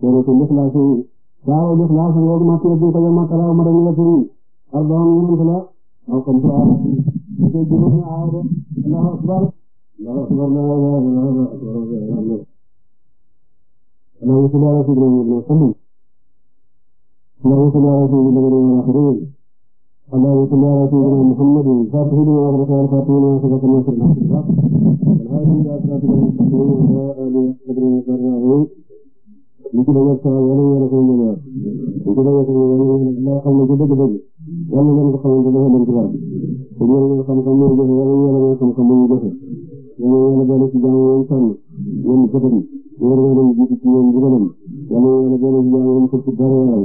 suratul ikhlas saaral ikhlas ngoogu ma tiya duuta yamma kalaaw ma dañu wacin arbaan ñanan kala aw kam su aara ate juróomi aaya de allahu akbar allahu akbar la ilaha illallah allahu akbar la ilaha illallah allahu akbar rasulullah ibn sallam allahu akbar rasulullah ibn akhirin allahu akbar rasulullah muhammad fatihi wa baraka al fatihi wa sabaka nasr al hadi ila siratil mustaqim wa ala alihi wa sahbihi ajma'in li ci doon sama wala wala ko ñu ñëw li ci doon sama wala wala xam ne dëgg dëgg yàlla ngeen ko xamal dafa dem ci war ko ñëw ñu xam ko ñu joxe wala wala ko xam ko ñu joxe ñu wala boole ci jaamu woon tan ñoom jëfëri wër wër ñu jiitu ci ñoom jëfëram yàlla wala boole ci jaamu woon ko ci dara yaram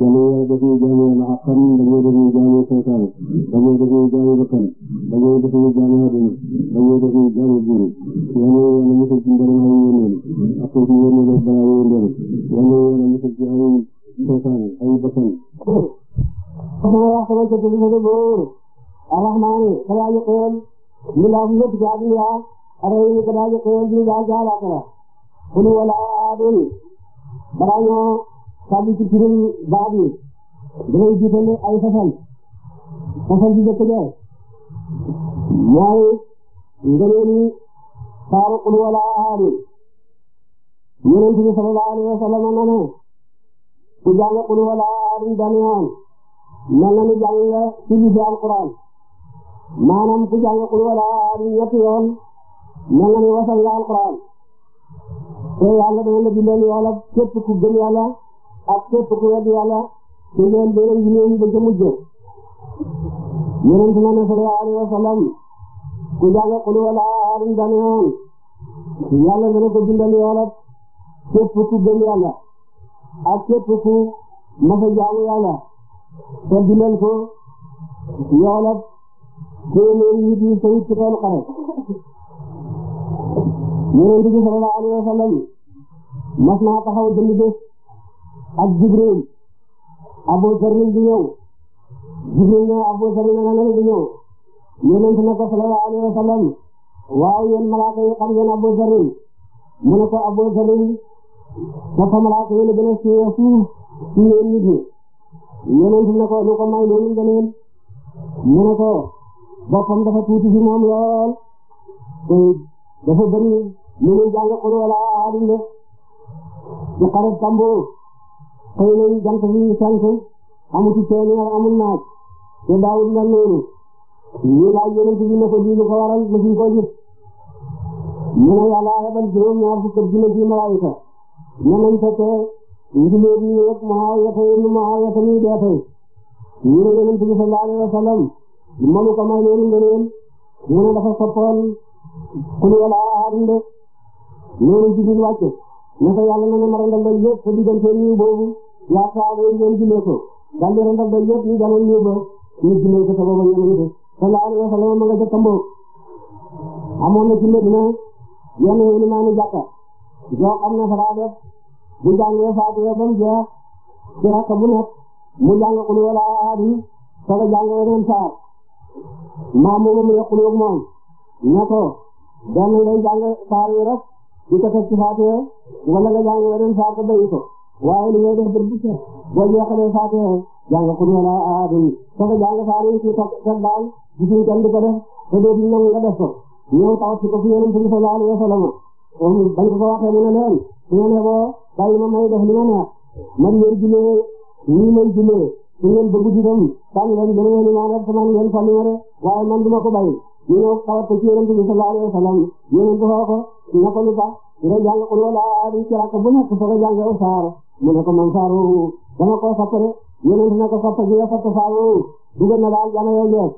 yàlla wala def ñu jaamu wala xam dañu def ñu jaamu seytaane dañu def ñu jaamu bakkan dañu def ñu jaamu àdduna kilifa ga góor arrahmaani ka yaaji xéewal mbindaafu yëpp ci àdduna arrahimi ka daaji xéewal ji daa ci àllaaxira kul wala aadun balaa ñoo sàbbi ci turam baat yi dangay jiitale ay fasal fasal bi jëkk ja mooy saaru kul wala aadun yonent bi sallallahu alayhi wa sallam na ne ku jàng kul wala aadun nan la ñu jàngee ci lycée alquran maanaam ku jàng qul walaa ñetti yoon nan la ñu wasal nga alquran te yàlla dana la bindal yoola képp ku gëm yàlla ak képp ku wedd yàlla te leen dana yinéeni ba ca mujj yonent na ne sallallahu alayhi wa sallam ku jàng qul walaa dana yoon yàlla dana ko bindal yoola képp ku gëm yàlla ak képp ku masa jaamu yàlla te bindal ko yoolab téeméeri nit yi sayid ci teen xare yonent bi sallallahu alayhi wa sallam mas naa taxaw dënd bés ak Jibril Abu Sarrin di ñëw Jibril ne Abu Sarrin na nga di ñëw yonent ne ko sallallahu alayhi wa sallam waaw yéen malaaka yi xam ngeen Abu Sarrin mu ne ko Abu Sarrin dafa malaaka yi la gën a siiwee fuuf ci yéen nit ñi yonent na ko lu ko may loolu ngëneel mu ne ko boppam dafa tuuti ci moom lool te dafa bëri lu ñuy jàng xur wala aadum de ci xarit tambour xëy nañ jant bi sant amu ci seen amul naaj te daawul mel noonu ñu laaj yonent bi ne ko lii lu ko waral mësuñ ko gis mu ne yàlla yebal juróom ñaar fukk junne ci malaayika ne nañ fekkee musulmaan bi ñu nekk Muhaawiya tey Muhaawiya tamit dee tey ñu ne Yonent bi sallallahu alayhi wa sallam mënu ko may loolu ngëneel mu ne dafa soppoon kul wala ahadun de loolu Jibril wàcce ne ko yàlla na ne ma randal ba yëpp sa diggante nii boobu yaa saaba yi ngeen jullee ko daal di randal ba yëpp ñu daloon nii ba ñu jullee ko sa booba Yonent bi sallallahu alayhi wa sallam ma nga jëkk mboog amoon na ci Medina yenn yéen maa ni jàkka yoo xam ne fa daa def bu jàngee Faatiha ba mu jeex ci rakka bu nekk mu jàng Qul huwallaahu ahad soog a jàng weneen saar maam mu mu yokku ak moom ne ko benn ngay jàng saar yi rek di ko teg ci Faatiha wala nga jàng weneen saar ko béy ko waaye li ngay def bët bu set boo jeexalee Faatiha jàng Qul huwallaahu ahad soog a jàng saar yi ci teg daal gisuñ kenn di ko def te dootuñ nangu nga def ko ñëw tawat si ko fi Yonent bi sallallaahu alayhi wa sallam bañ ko ko waxee mu ne leen su ngeen yeboo bàyyi ma may def li ma neex man ngeen jullee nii may jullee su ngeen bëgg di dem sànni leen gën a yéene naan rek man ngeen fàlli ma de waaye man du ma ko bàyyi ñu ñëw xawat ko ci yonent bi sallallahu alayhi wa sallam yonent xoo ko na ko lu tax nga jàng qul walaa ah, di ci rakk bu nekk soo ko jàngee aw saar mu ne ko man saar woowu dama koo sopp de yonent na ko sopp gi nga sopp saar woowu dugal na la aljana yow jeex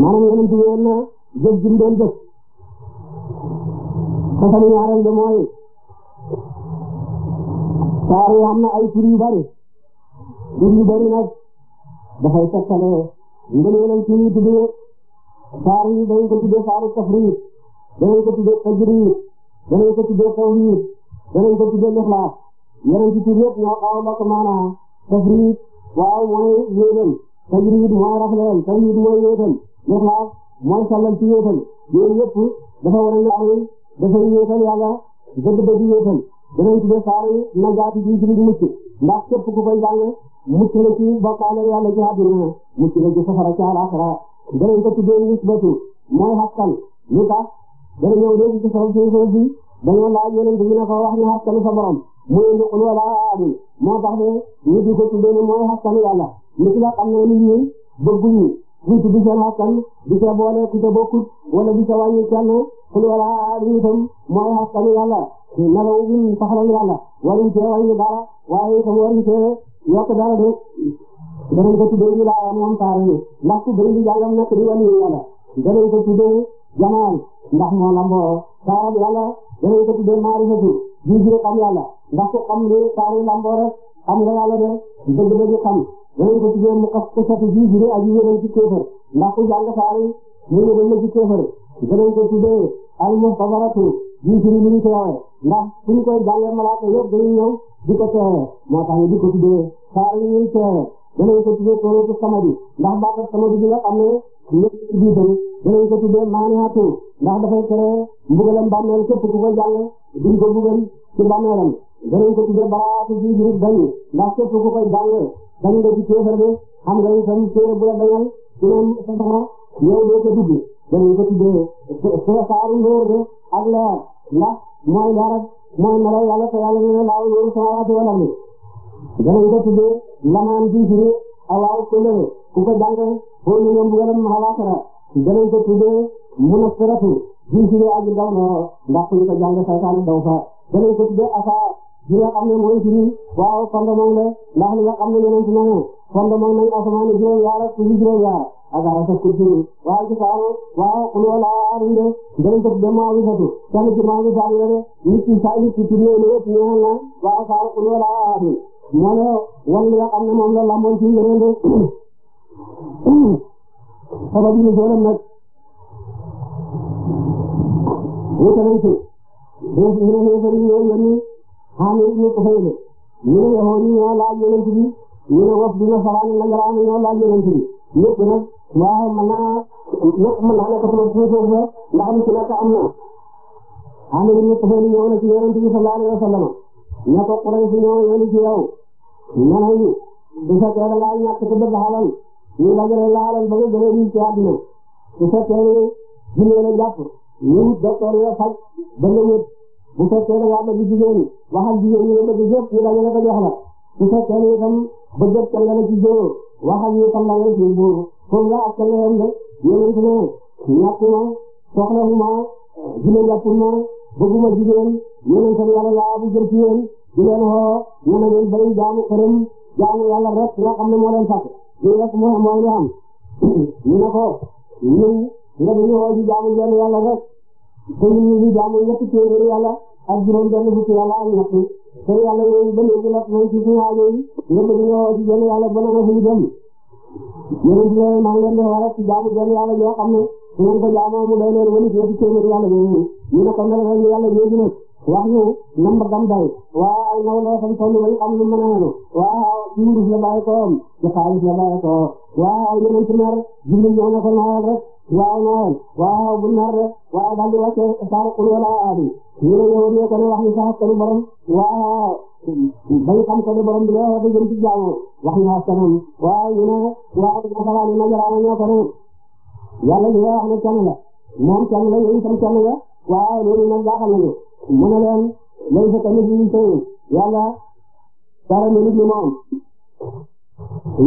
maanaam yonent bi woon na jëf jum doon jëf te sama ñaareel de mooy saar yi am na ay tur yu bari tur yu bari nag dafay tekkale ngëneelam ci ñu tuddee saar yi dañ ko tuddee saaru tafriid dañ ko tuddee tajriid dañ ko tuddee tawhiid dañ ko tuddee lixlaas yeneen ci tur yëpp ñoo xaw a bokk maanaam tafriid waaw mooy yéetal tajriid mooy rafleel tawhiid mooy yéetal lixlaas mooy sellal ci yéetal yooyu yëpp dafa war a ñaaw dafay yéetal yàlla gëdd ba di yéetal danañ tuddee saar yi najaati bi jullit mucc ndax képp ku koy jàng mucc nga ci bokkaale yàlla ci àdduna mucc nga ci safara ci ba danañ ko tuddee nisbatu mooy xaskan lu tax dana ñëw léegi ci sabab suñu suuf bi dañoo laaj yonent bi ne ko wax sa borom muy indi xul wala aadul moo tax de ñu di ko tuddee ne mooy xaskanu yàlla nit la xam ne nit ñi bëgguñu buñ tudd seen xaskan di ca boole ku ca bokkut wala di ca wàññi kenn xul wala aadul itam mooy xaskanu yàlla nelaw bi soxla yàlla waruñ cee wàññi dara waaye itam waruñ cee yokk dara de danañ ko tuddee ñu laa moom taar yi ndax ku bëri jàngam nekk di wàññi yàlla danañ ko tuddee jamaal ndax moo lamboo taarab yàlla danañ ko tuddee maarifatu ji ji xam yàlla ndax ku xam li taar yi lamboo rek xam nga yàlla de dëgg-dëgg xam danañ ko tuddee mu xas ko sati ji ji aji yéneen ci kéefër ndax ku jàng taar yi mu yéneen la ci kéefër danañ ko tuddee al muxtabaratu ñun suñu lu ñu ko yawee ndax suñu koy jàllee malaaka yëpp dañuy ñëw di ko teewee moo tax ñu di ko tuddee saar yi ñuy teewee danañ ko tuddee sóoratu samadi ndax baaxul samadi bi nga xam ne lépp ci biitam danañ ko tuddee maanaatu ndax dafay tere mbugalam bàmmeel képp ku ko jàll duñ ko mbugal ci bàmmeelam danañ ko tuddee baraatu ji bi dañ ndax képp ku koy jàll dañ nga ci kéefar bi xam nga itam téere bu la dañal ci naan sa yow doo ko dugg dañu ko tuddee saaru ngóor de ak leer ndax mooy leer ak mooy melaw yàlla te yàlla nee na laaw yóoru samaawaati wal ardi dañu ko tuddee lamaan ji firi awaaw kóllëre ku ko jàng foo ñu ne mbugalam maxalaatara dañu ko tuddee munasiratu ji firi aji daw noo ndax ku ñu ko jàng saytaane daw fa dañu ko tuddee asaa ji nga xam ne mooy firi waaw fondement la ndax li nga xam ne yonent na ne fondement nañ asamaan juróom-yaar ak suñu juróom-yaar Azarata Koutiou waaye ci saa waaw ku ne laa aarul de jërëjëf de maa ngi fëtu kenn ci maa ngi saa yore de nit ci saa nit ci tuddee lu yëpp ñëw na waaw saa ku ne laa aarul moo ne wan li nga xam ne moom la lamboon ci yeneen de sabab yi ñu jëloon nag wute nañ ci ñu ne ñu bëri ñoo yónni xam ne ñu ko fay de ñu ne yow ñoo laaj yonent bi ñu ne wop bi nga saraan la jaraan ñoo laaj yonent bi lépp nag waaye mën naa lépp mën naa nekk sama jiw boobu ndax lu ci nekk am na. am na ñu tëfëri ñëw na ci yonent bi sallallahu alayhi wa sallam ne ko Quraysh ñëw ñëw na ci yow nee nañu bu fekkee da ngaa ñàkk te bëgg xalal ñu dajale laalal ba nga jëlee ñu ci àdduna bu fekkee ne jigéen a jàpp ñu wut docteur yoo faj ba nga wut bu fekkee da ngaa bëgg jigéen waxal jigéen ñi nga bëgg yëpp ñu dajale ko jox la bu fekkee ne itam ba jot nga la ci jóor waxal ñu kan la ngeen siy buur foofu la ak kenn yem de yonent ne ñàkk na soxlahuma jigéen jàppul ma bëgguma jigéen yonent yàlla laa bu jël ci yéen di leen woo ñu ne leen bari jaamu këram jaamu yàlla rek nga xam ne moo leen fàq lii rek mooy mooy li am ñu ne ko ñun nga dañu woo di jaamu yàlla rek te ñun ñu ngi jaamu ñetti téeméeri yàlla ak juróom benn fukki yàlla ak ñett te yàlla yooyu ba léegi nag mooy ci suñu yooyu nga bëgg nga woo ci jënd yàlla ba nga suñu dem yéen ci leen maa ngi leen di wax rek jaamu jënd yàlla yoo xam ne su ngeen ko jaamoo mu doy leen wala ñetti téeméer yàlla yooyu ñu ne ko mel rek yàlla yooyu nag wax ñu namba gam day waa naw loo xam toll way xam lu mën a yenu waa ci wurus la bàyyi ko ci xaalis la bàyyi ko waa yeneen ci mer jibril ñoo ne ko naawal rek waaw naa leen waaw bu naar de waaw daal di wàcce saar qul wala aadum ñu ne yow ne ko ne wax ñu sax ko ne borom waaw bañ xam ko ne borom bi la wax jëm ci jaamu wax ñu sax kanam waaw ñu ne waaw masala ni majaraama ñoo ko ne yàlla li wax ne kenn la moom kenn la yow itam kenn la waaw loolu nag jaaxal nañu mu ne leen lay sa tamit ñu tey yàlla dara ni nit ñi moom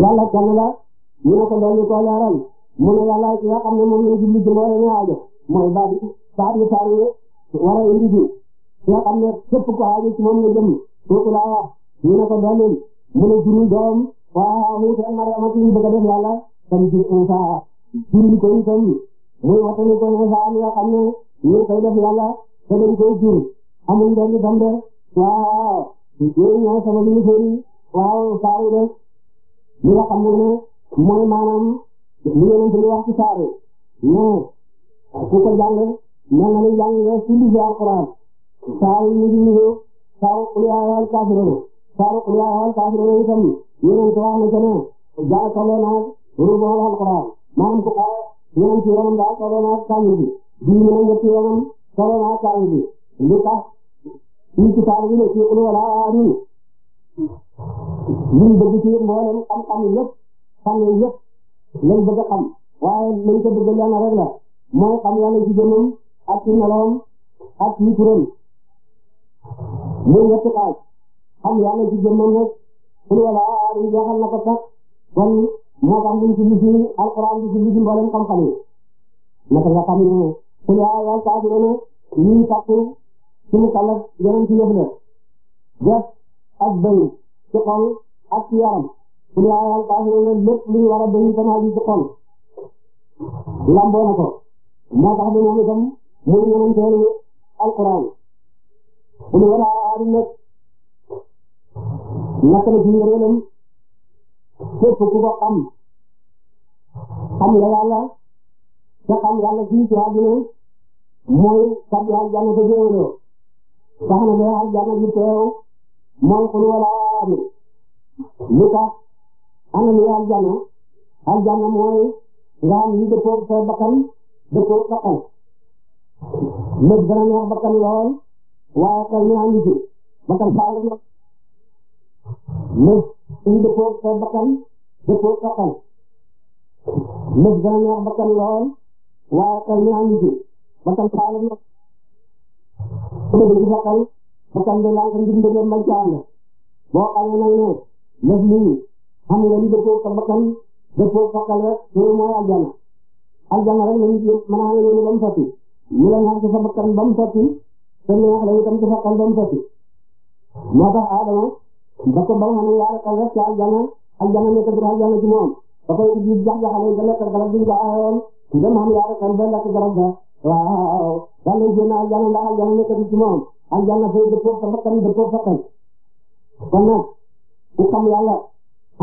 yàlla kenn la ñu ne ko doon ñu ko leeral mu ne yàlla ki nga xam ne moom lay jublu ci mboolem aajo mooy baat yi baat yi saar yi war a indi fi ki nga xam ne képp ko aajo ci moom la jëm kooku laa wax ñu ne ko dooleel mu ne jurul doom waaw muy seen Mariama ci bëgg a def yàlla tam jur Insa jurul ko itam muy watani ko Insa mi nga xam ne ñu koy def yàlla te dañ koy jur amuñ benn dam de waaw yooyu ñooy sababu ñu sori waaw saar yi de li nga xam ne mooy maanaam li yonent bi wax ci saar mais ku ko jàng mel na ni jàng nga ci alquran saar yi ñu ngi niroo saaru qul yaa ayyuhal kaafiruun saaru qul yaa ayyuhal kaafiruun itam yonent wax na ca ne jaay tolloo naag ruubal alquran maanaam ku xaar ñeenti yoonam daal tolloo naag kaamil bi bii ñu ne ñetti yoonam tolloo naag kaamil bi lu tax ñu ci saar bi ne ci qul wala aadin ñu bëgg ci mboolem xam-xam yëpp xam yëpp lañ bëgg a xam waaye lañ ko bëgg yàlla rek la mooy xam yàlla ci jëmmam ak ci meloom ak ci turam muy ñetti xaaj xam yàlla ci jëmmam nag xul wala aar yi jeexal na ko sax kon moo tax ñu ci lisi alquran bi ci lisi mboolem xam-xam yi naka nga xam ne xul wala illaa yàlla baaxee na leen lépp lu ñu war a bañ itam aju ci xol lamboo na ko moo tax ba moom itam muy ñëwanteelu alquran bu ñu wala aadu nag naka la ci ngëneelam képp ku ko xam xam nga yàlla te xam yàlla fii ci àdduna mooy sab yàlla jànn sa jéewaloo tax na ba yàlla jànn ji teew mooy ku ñu wala aadu lu tax ana luy aljana aljana mooy nga am lu dëppoo sa bakkan dëppoo bakkan lépp dana neex bakkan lool waaye xel neex nit yi bakkan faa la nekk lépp lu dëppoo sa bakkan dëppoo bakkan lépp dana neex bakkan lool waaye xel neex nit yi bakkan faa la nekk lépp ci bakkan bakkan bi laa ko njëndee ba caa la boo xamee nag ne lépp lii am nga li dëppoo sa bakkan dëppoo sa xel rek loolu mooy aljana aljana rek la nit ñi mën a amee mu sotti ñu la sa bakkan ba sa xel ba mu sotti moo tax Adama ba ko ba nga xam ne yaa rek rek ci aljana aljana nekk ci aljana ci moom ba koy di jax jaxale ga lekk garab bi ñu ko aayoon dem am yaa rek ba lekk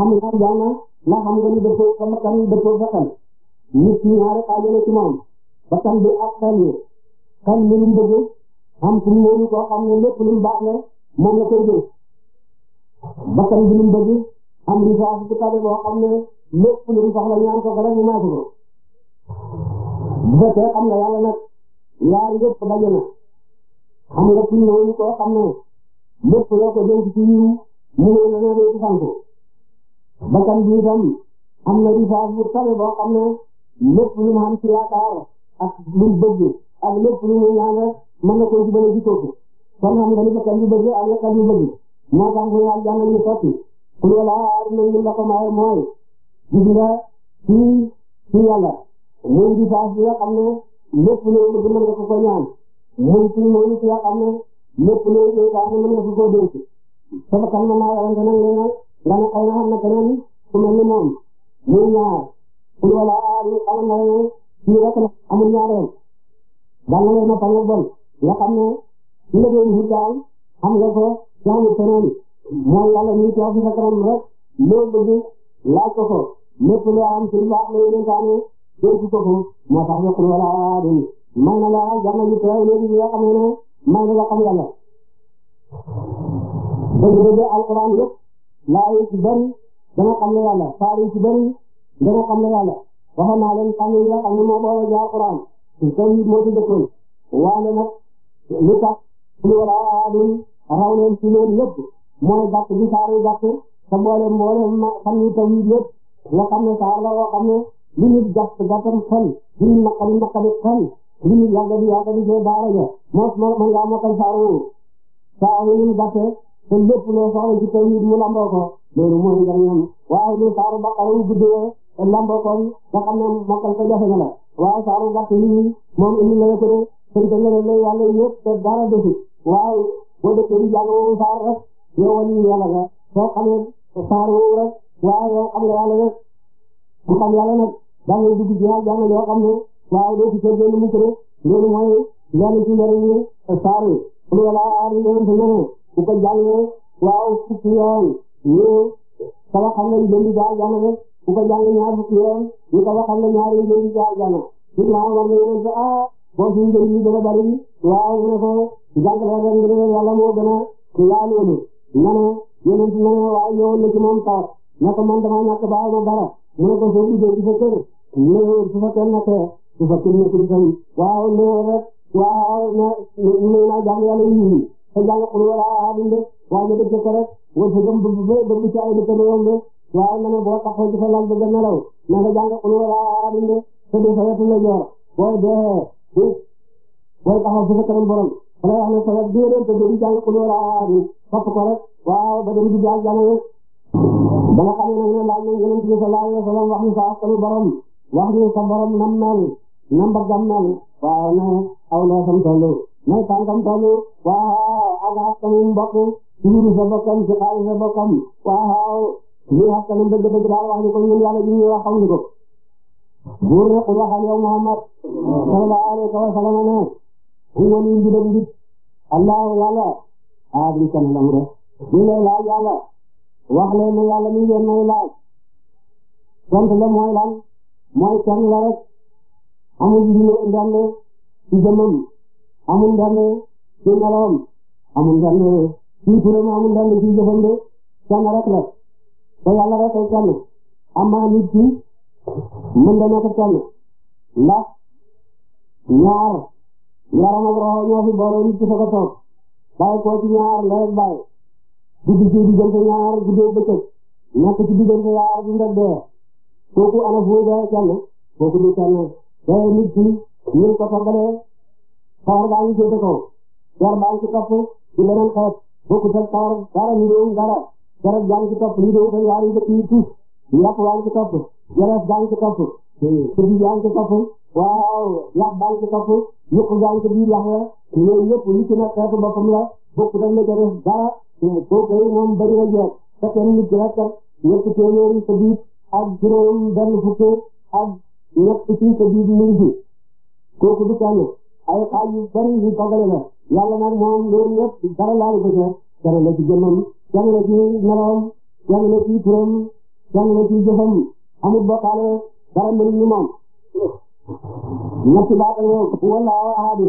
amul am jaana la xam nga ni dëppoo sa bakkan dëppoo bakkan nit ñi ñaare xaajale ci moom bakkan bi ak xel yi xel mi lu mu bëgg am suñu wóolu koo xam ne lépp lu mu baax ne moom la koy jëf bakkan bi lu mu bëgg am li saa si tabe boo xam ne lépp lu mu soxla ñaan ko ko rek mu maati ko bu fekkee xam nga yàlla nag yaar yëpp daje na xam nga suñu wóolu koo xam ne lépp loo ko jëm ci yiw mu ne la ne doo ci santu bakkan bi itam am na risaas bu tabe boo xam ne lépp lu mu xam ci yaakaar ak lu mu bëgg ak lépp lu mu ñaan rek mën na koy jubale ci kooku kon xam nga ni bakkan bi bëgg ak bakkan bi bëgg moo tax muy aljanna ñu sotti ku ne laa aar nañ la ko maye mooy gis nga ci ci yàlla muy risaas bi nga xam ne lépp loo bëgg mën nga ko ko ñaan muy ci muy ci nga xam ne lépp loo bëgg mën nga ko ko dénk sa bakkan ma maa yarante nag nga ne xëy na xam na keneen ku mel ni moom muy ñaar ku ñu wala ñu xamal na ne fii rek la amul ñaareel daan na leen noppal nag bon nga xam ne ñu la doon wut daal xam nga ko jaamu keneen mooy yàlla ñu teew fi sa kanam rek loo bëgg laaj ko ko lépp loo am ci lu baax la yeneen kaane dégg ko ko moo tax ne ku wala aadul may na la jar na ñu teew léegi bi nga xam ne may na la xam yàlla dëgg-dëgg alquran yëpp laa yi ci bëri dana xam ne yàlla saar yi dana xam ne yàlla waxoon naa leen xam yi nga xam ne moo booba jaar Qur'an tawhid moo ci dëkkoon waane nag lu tax lu wala aadun raw leen ci loolu yëpp mooy gàtt bi saar yi gàtt te boole mboole ma xam ni tawhid yëpp nga xam lu nit gàtt gàttam xel lu nit lu nit yàgg di yàgg di see daara moo man ngaa mokkal saar woowu te lépp loo soxla ci tawhid mu lamboo ko loolu mooy njëriñam waaye li saaru baqara yu guddee te lamboo ko nga xam ne mokkal ko jafe na la waaye saaru gàtt yi moom indi la ko de sëñ bi nga ne yàlla yëpp te dara defi waaye boo dee kër jàng woowu saar rek yow wàllu yàlla nga soo xamee saar woowu rek waaye yow xam nga yàlla rek bu xam yàlla nag da ngay dugg ci yàlla jàng yoo xam ne waaye doo ci kër benn mukk rek loolu mooy lenn ci njëriñ yi saar yi. ku ko jàngee waaw fukki yoon ñu tabaxal la jëndi jaar jana rek ku ko jàngee ñaar fukki yoon ñu tabaxal la ñaari jëndi jaar jana ñu naan war na yeneen ah boo fi jëndi dana bari waaw mu ne ko jàngale rek nga ne yàlla moo gën a laa loolu nga ne yeneen ci nga ne waaw ñëwoon na ci moom taat ne ko man dama ñàkk baaw ma dara mu ne ko soo duggee ci sa kër ne su fa kenn nekkee su fa kenn nekkul tamit waaw ne rek waaw ne ne naa jàng yàlla yii te jàng xul wala ahadin de waaye nga dëgg ko rek wër sa gëm bëgg bëgg ci ay dëkkandoo de waaye nga ne boo taxaw ci sa lal bëgg nelaw na nga jàng xul wala ahadin de te du sa wetu la joor booy dee booy taxaw ci sa kanam borom da ngay wax ne sa wet bii doon te du jàng xul wala ahadin topp ko rek waaw ba dem di jaal jàng rek ba nga xamee nag ne laaj nañ yonent bi sallallahu alayhi wa sallam wax ñu sa askanu borom wax ñu sa borom nam mel nam ba gam mel waaw ne aw loo sam tollu mooy tànkam tollu waaw ak askanum mbokk ci biir sa bokkam ci xaalis sa bokkam waaw lii askanum dëgg-dëgg daal wax ni ko ñun yàlla ji ñuy wax xam ni ko buur ne qul waxal yow Muhammad sallallahu alayhi wa sallam ne ku wali bi dem nit allahu yàlla ah bi kan la mu def ñu lay laaj yàlla wax leen ne yàlla mi ngi leen may laaj sant la mooy lan mooy kenn la rek amul ji ñu leen dem ci jëmmam amul ndànk ci meloom amul ndànk ci turam amul ndànk ci jëfam de kenn rek la te yàlla rek ay kenn nit ki mën na nekk kenn ndax ñaar yaram ak roxo ñoo nit ki soog a toog bàyyi koo ci ñaar ndey ak bàyyi guddi ci diggante ñaar guddee bëccëg nekk ci diggante ñaar dund ak dee kooku ana fuu dee kenn kooku du kenn te nit saxar gaa ngi féete kaw yar baa ngi ci topp ci leneen xeet bokkut ak sawar dara niroowul dara garab gaa ngi ci topp niroowut ak yaari dëkk yi tuus yàpp waa ngi ci topp yeleef gaa ngi ci topp sëbi gaa ngi ci topp waaw yax baa ngi ci topp yëpp gaa ngi ci biir yax ya yooyu yëpp li ci nekk xeetu boppam la bokkut ak la ca def dara kooku yi moom bari na jeex te kenn nit ki rek ñetti téeméeri sa biir ak juróom benn fukk ak ñett ci sa biir mu ngi fi kooku du kenn ay xaaj yu bëri yu dogale la yàlla nag moom loolu yëpp dara laalu ko ca kenn la ci jëmmam kenn la ci nelawam kenn la ci turam kenn la ci jëfam amul bokkaale dara melul ni moom ñetti baata ñëw wallaahu ahadu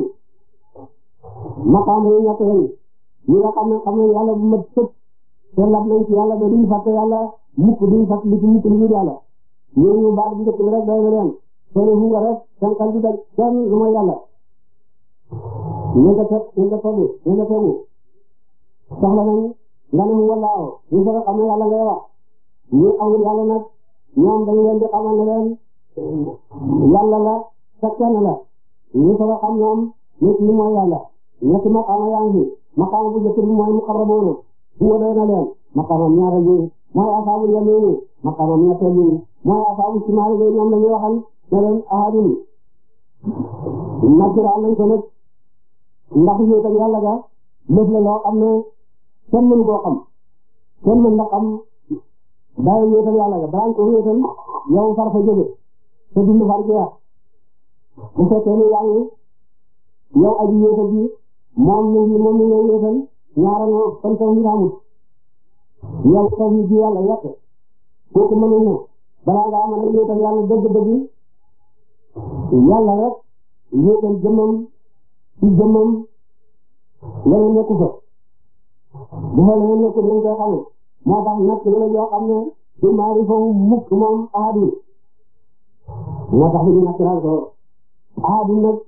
maqaam yi ñett yi ñi nga xam ne xam ne yàlla bu mat sëpp te lab nañ ci yàlla ba duñ fàtte yàlla mukk duñ fàtte li ci mukk lu dul yàlla ñooñu baat bu njëkk bi rek doy na leen te ne fu nga rek seen xel du daj kenn lu mooy yàlla ña nga teg ña nga tegu ña nga tegu soxla nañu nga ne mu wallaaw ñu soog a xam ne yàlla ngay wax ñu amul yàlla nag ñoom dañu leen di xamal ne leen yàlla la sa kenn la ñu soog a xam ñoom nit ñi mooy yàlla ñetti maqaama yaa ngi fi maqaama bu njëkk bi mooy muqarrabuuna bu wóoree na leen maqaamam ñaareel bi mooy asaabul yamiin maqaamam ñetteel bi mooy asaabu simaal bi ñoom la ñuy waxal ne leen ahadun nakira lañ ko nag ndax wéet ak yàlla ga la loo xam kenn mënu koo xam kenn mën na xam daay wéetal yàlla ga balaa nga ko wéetal yow fa jóge te dund far jeex bu fekkee ne yaa ngi aji wéetal bi moom moom mi ngay wéetal ñaara nga fan taw yi amut yow taw yi ji yàlla yàq kooku mënul ne balaa ngaa mën a wéetal yàlla dëgg-dëgg ci jëmmam leneen nekku fa bu fa leneen nekku dañ koy xame moo tax nekk la yoo xam ne du maari fa mukk moom ahadu moo tax ñu natural ko ahadu nag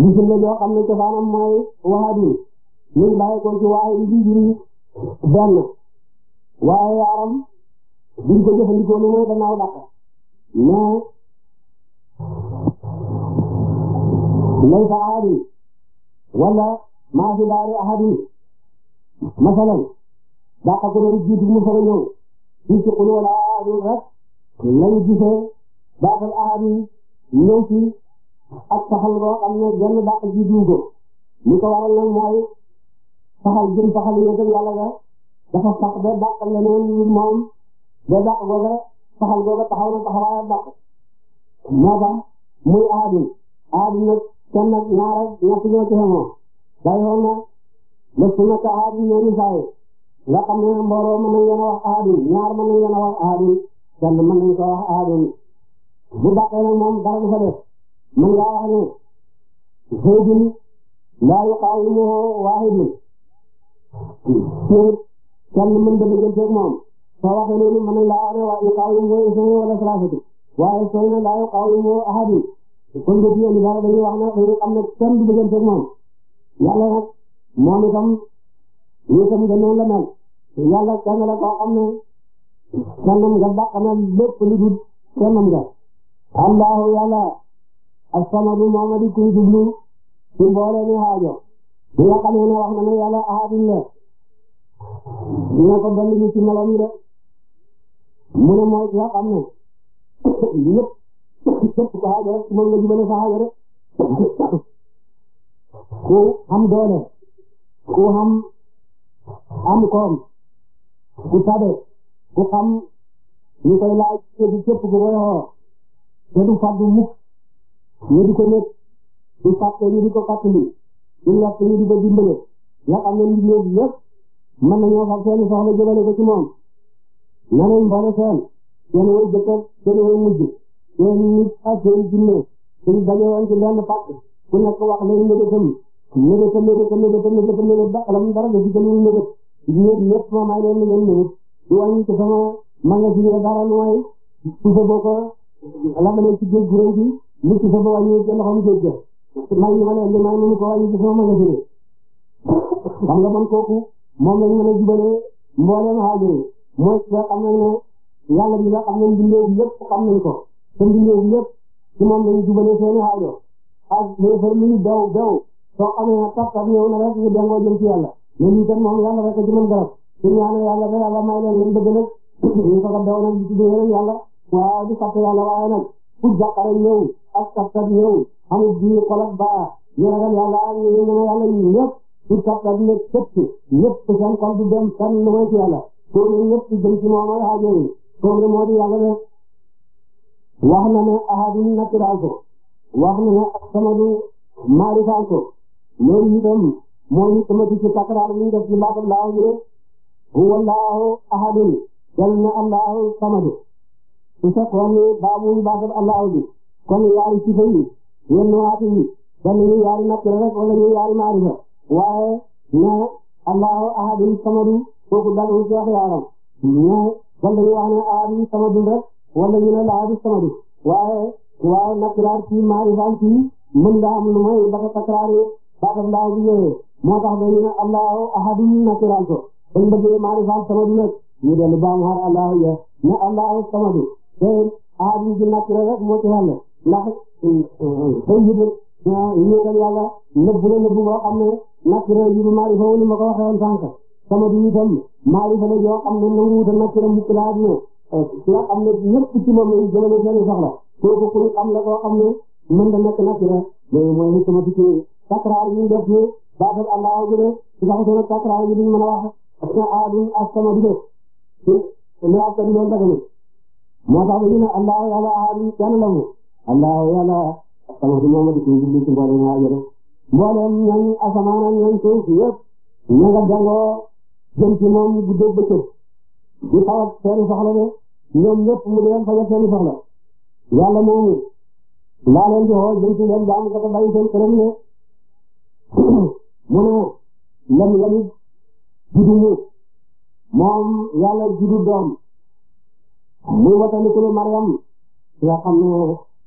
bisim la yoo xam ne cosaanam mooy wahadu ñu ngi bàyyi ko ci waaye li jiri benn waaye yaaram duñ ko jëfandikoo lu mooy gannaaw dàq mais laysa ahadin wala maa fi daari ahadin masalan daqa ko doon jiitu mu soog a ñëw ci ci qul wala ahadin rek lañu gisee baatal ahadin ñëw ci ak saxal boo xam ne genn daq jiitu ko li ko waral nag mooy saxal jëm saxal wéetal yàlla ga dafa sax ba daq leneen lu moom ba daq googa saxal googa taxaw na taxawaaya daq moo tax muy ahadin ahadin nag kon nag ñaar ak ñett ñoo ci xamoo day xool nag bés bu nekk ahadu ñaari saa yi nga xam ne mbooloo mën nañ leen a wax ahadu ñaar mën nañ leen a wax ahadu kenn mën nañ ko wax ahadu bu baaxee nag moom dara du fa def mën ngaa wax ne zaydun laa yuqaawimuhu waahidun kenn mën nga dëgganteeg moom soo waxee loolu mën nañ laa wax ne yuqaawimuhu isnaani wala salaasatu waaye soo ne laa yuqaawimuhu ahadun kon nga tuye li dara dañuy wax ne dañuy xam ne kenn du bëgganteeg moom yàlla nag moom itam ñu itam da noonu la mel yàlla kenn la koo xam ne kennam nga dàq na lépp lu dul kennam nga allahu yàlla as-samadu di kuy jublu ci mboole mi haajo bi nga xamee ne wax na ne yàlla ahadin la dina ko dolli ñu ci melam yi de mu ne mooy ki nga xam ne saxaaja rek moom nga jubale saxaaja rek ku am doole ku am am koom ku tabe ku xam ñu koy laaj ci képp ku koy xoo te du fàddu mukk ñu di ko nekk du fàtte ñu di ko fàttali du lott ñu di ko dimbale nga xam ne nit ñi yëpp mën nañoo xam seeni soxla jëmale ko ci moom na leen boole seen seen way jëkkër seen way mujj ñoom nit ak seen jinne suñu daje woon ci lenn pàcc ku nekk wax lay mébétam mébéta mébéta mébéta mébéta mébét ba alam dara la ci gënul mébét ñëpp ñëpp ma may leen ngeen mébét di wàññi ci sama magasin dara lu may ci sa boo ko labalee ci géej gu rëy gi lu ci sa ba wàññi ci loxoom géej ga may yi ma leen di may mënu ko wàññi ci sama magasin xam nga man kooku moom lañ mën a jubalee mbooleem xaajee mooy nga xam ne yàlla bi nga xam ne mbindee bi yëpp xam nañ ko te mbindee ñëpp ci moom lañu jubale seeni aajo ak yéefar lu ñu daw daw soo amee na tap tap ñëw na rek ñu dengoo jëm ci yàlla mais lii kat moom yàlla rek a ci mën garab su ñaane yàlla ba yàlla may leen lañ bëgg nag ñu ko daw nag di ci dëgëral yàlla waaye di fàtte yàlla waaye nag fu jàqare ñëw ak tap tap ñëw amul biir xol ak baa ñu ragal yàlla ak ñu ñeme yàlla yi ñëpp fu tap tap ne këpp ñëpp seen xol du dem fenn lu may ci yàlla kóor ñëpp jëm ci moom ak aajo yi kóor moo di yàlla rek wax na ne ahadun nakiraan ko wax na ne samadu maarifaan ko loolu itam moo ñu tamati ci takraar ñu def ci baatam laaw bi rek huwa allahu ahadun dal na allahu samadu su fekkoon ne baabu baatam allahu bi kon yaari ci fa yi yenn waati yi dal ñu yaari nakira rek wala ñu yaari maarifa waaye ne allahu ahadun samadu kooku dal wu ci wax yaaram ne dal dañu wax ne ahadun samadu rek moom la ñu ne laa bi samadi waaye waaw nakiraar ci maarifaan ci mën nga am lu may ba ko takraare baatam laaw bi ñëwee moo tax dañu ne allahu ahadu nakiraal ko bañ bëggee maarifaan samadi nag ñu dellu ba mu xar allahu ya ne allahu samadi te ahadu ji nakira rek moo ci yàlla ndax day yëgal yëgal yàlla nëbbu la nëbbu boo xam ne nakira yi bu maarifa wu ni ma ko waxee woon sànq samadi itam maarifa la yoo xam ne nangu wuta nakira mukk laa dina Cheikh am na ñëpp ci moom lañ jëmale seen i soxla kooku ku am la koo xam ne mën na nekk nag la loolu mooy li sama dikk yi takraar yi ñu def nii baatal allahu bi de su tax seen takraar yi duñ mën a wax ah, ak aadum ak sama bi de lu ak di doon daganu moo tax ñu ne allahu yàlla aadum ah, kenn la mu allahu yàlla sama bi moom la dikk yi ci mboolem ñaa jële mboolem ñooñ asamaan ak ñooñ suuf yëpp ña nga jàngoo jëm ci moom bu dégg bëccëg di tawat seen soxla de ñoom ñëpp mu dee fajal seen soxla yàlla moomu laa leen di xool jëm ci leen jaamu ko te bàyyi seen këram mu ne lam lamit mu moom yàlla juddu doom muy watalikulu Mariam nga xam ne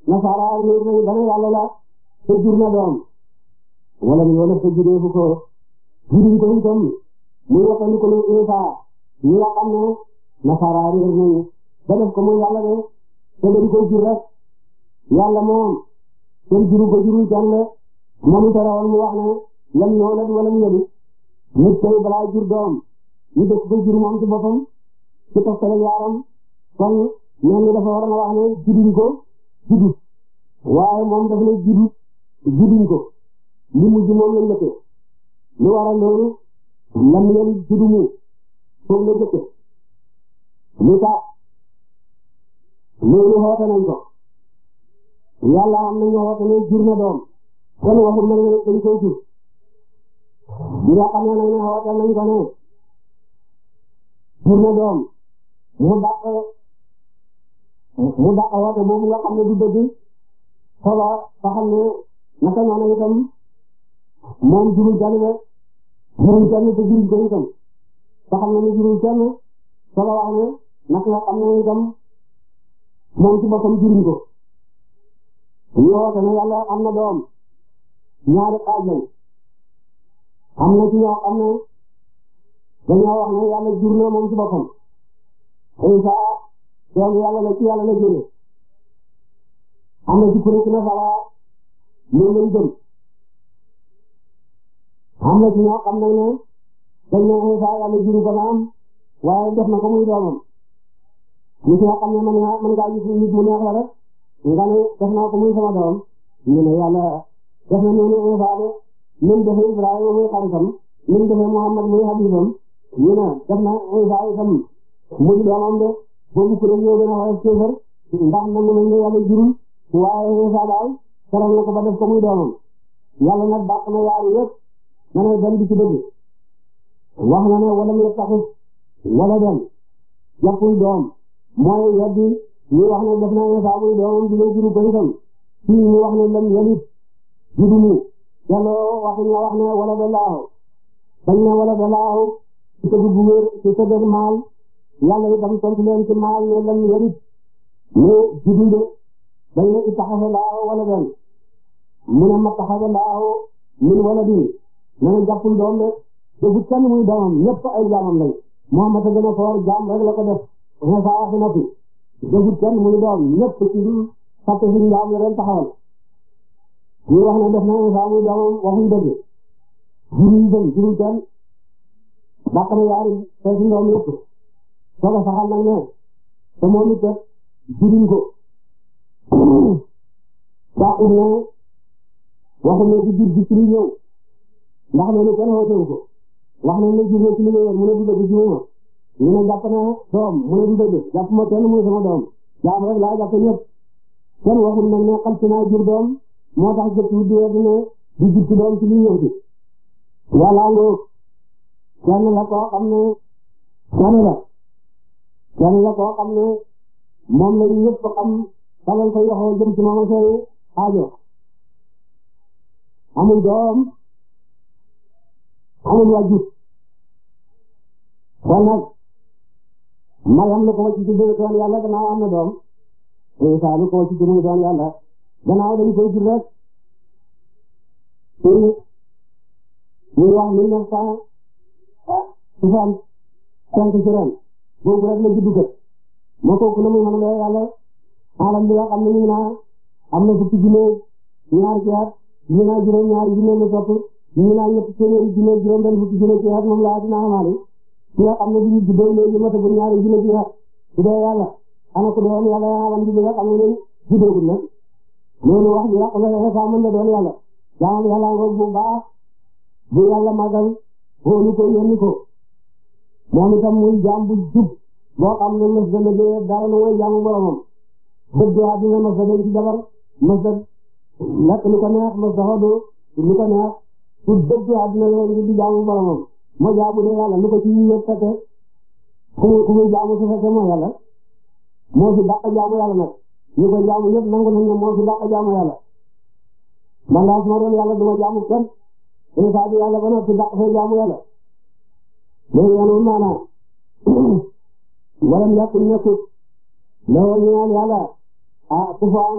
nasaara niir nañu ba ne yàlla na doom wala mu wala te juree bu ko judduñ ko itam muy watalikulu Isa ñi nga xam ne nasaara niir nañu ba def ko muy yàlla de te dañ koy jur rek yàlla moom seen juru ba juru kenn la moom itarawoon mu wax ne lam noonat walam yelit nit kay balaa jur doom ñu dëkk ko jur moom ci boppam ci toftale yaaram kon mel ni dafa waroon a wax ne judduñ ko juddu waaye moom dafa ne juddu judduñ ko li mujj moom lañ jëkke lu waral loolu lam yelit juddu mu foofu la jëkke lu tax loolu xoote nañ ko yàlla am nañu xoote ne jur na doom kon waxul na ne dañ koy jur bi nga xamee nag ne xoote nañ ko ne jur na doom mu dàq mu dàq xoote boobu nga xam ne du dëgg solo ba xam ne naka noonu itam moom jurul kenn de jurul kenn te jurul ko itam ba xam ne ne jurul kenn solo wax ne naka nga xam ne itam moom ci boppam jëriñ ko ñu woote ne yàlla am na doom ñaari xaaj lañ am na ci ñoo xam ne dañoo wax ne yàlla jur na moom ci boppam Isa doom yàlla la ci yàlla la jëlee am na ci ku nekk na fala moom lañ gëm am na ci ñoo xam ne ne dañ ne Isa yàlla juru ko naam waaye def na ko muy doomam nit yoo xam ne man ngaa man ngaa gis nit mu neex la rek nga ne def naa ko muy sama doom ñu ne yàlla def na noonu Iisaa de ñun defee Ibrahima muy xaritam ñun defee Muhammad muy habibam ñu ne def na Iisaa itam muy doomam de boobu kuréel yoo gën a woyof kéefar ndax nangu nañ ne yàlla jurul waaye Iisaa daal teral na ko ba def ko muy doomam yàlla nag dàq na yaari yëpp na ne dem di ci dëgg wax na ne walam yattaxis waladan jàppul doom mooy weddi ñu wax ne def na Isaa muy doomam dina juru ko itam ci ñu wax ne lam yalit judunu delloo wax na wax ne wala dalaahu bañ ne wala dalaahu ci tëgg bu wér ci tëgg maal yàlla itam tontu leen ci maal ne lam yalit ne judunde bañ ne ittaxasa laahu wala dan mu ne mattaxasa laahu min wala di ne na jàppul doom de defu kenn muy doomam ñëpp ay jaamam lañ moo ma ta gën a foor jaam rek la ko def Moussa fi noppi jógut kenn muy doom ñëpp ci biir sàpp si njaam la leen taxawal ñu wax ne def na Moussa muy doomam waxuñ dëgg juruñ dem juruñ kenn bàq na yaari feesi ndoom yëpp soog a saxal nag ne te moom it rek ko saa ut ne waxuñ ne ci jur gi ci lu ñëw ndax loolu kenn wootewu ko wax nañ ne jur ne ci lu ñëwoon mu ne bu dëgg ñu ne jàpp naa doom mu ne du dëgg jàpp ma kenn muy sama doom jaam rek laa jàpp ñëpp kenn waxul nag ne xal si naa jur doom moo tax jëpp di weddi ne di jur ci doom ci li ñëw ci yàlla ngoog kenn la koo xam ne kenn la kenn la koo xam ne moom la ñëpp xam talal ko yoxoo jëm ci moom a seen aajo amul doom amul wajut kon nag Maryam la ko ci jur doon yàlla gannaaw am na doom Isa lu ko ci jur doon yàlla gannaaw dañ koy jur rek pour ñu wax mille neuf cent soixante cinq ci ren boobu rek la juddu kët moo kooku la muy xam ne yàlla alam bi nga xam ne ñu naa am na fukki junne ñaar ci at ñu naa juróom ñaari junne la topp ñu naa ñetti téeméeri junne juróom benn fukki junne ci at moom la addina amaale ñi nga xam ne bi ñu juddoo léegi matagul ñaari junne bi at su dee yàlla ana ko doon yàlla yaalam bi nga xam ne léegi juddoogul nag loolu wax ñu la ko la Isa mën na doon yàlla jaam yàlla ngoog bu baax bu yàlla magal xoolu ko yónni ko moom itam muy jaam bu jub boo xam ne mës na liggéey dara lu mooy jaamu boromam dëddu àddina mës na dem ci jabar mës na lekk lu ko neex mës na xodu lu ko neex su dëddu àddina loolu di jaamu boromam moo jaamu de yàlla lu ko ci yëpp fekke ku muy ku jaamu su fekkee mooy moo fi moo fi dàq jaamu yàlla ma doon yàlla du ma jaamu kenn dañu faa di yàlla ba noppi dàq fee jaamu yàlla loolu yàlla maanaam walam yàqu nekkut loo ñu naan yàlla ah kufaan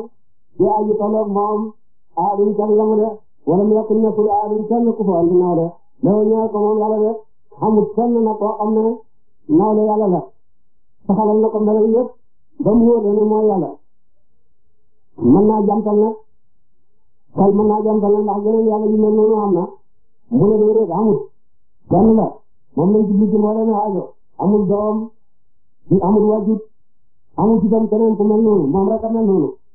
di aji tolloog de walam yàqu nekkut ah duñ kenn kufaan di naw de law ñëwee ko moom yàlla de xamul kenn na koo xam ne nawle yàlla la saxalal na ko melo ba mu wóor ne mooy yàlla mën naa jamtal nag kay mën naa jamtal nag ndax geneen yàlla yu mel noonu am ne day rek amul kenn la moom lañ jublu ci mboolem aajo amul doom amul wajut amul ci tam keneen ku mel noonu moom rek a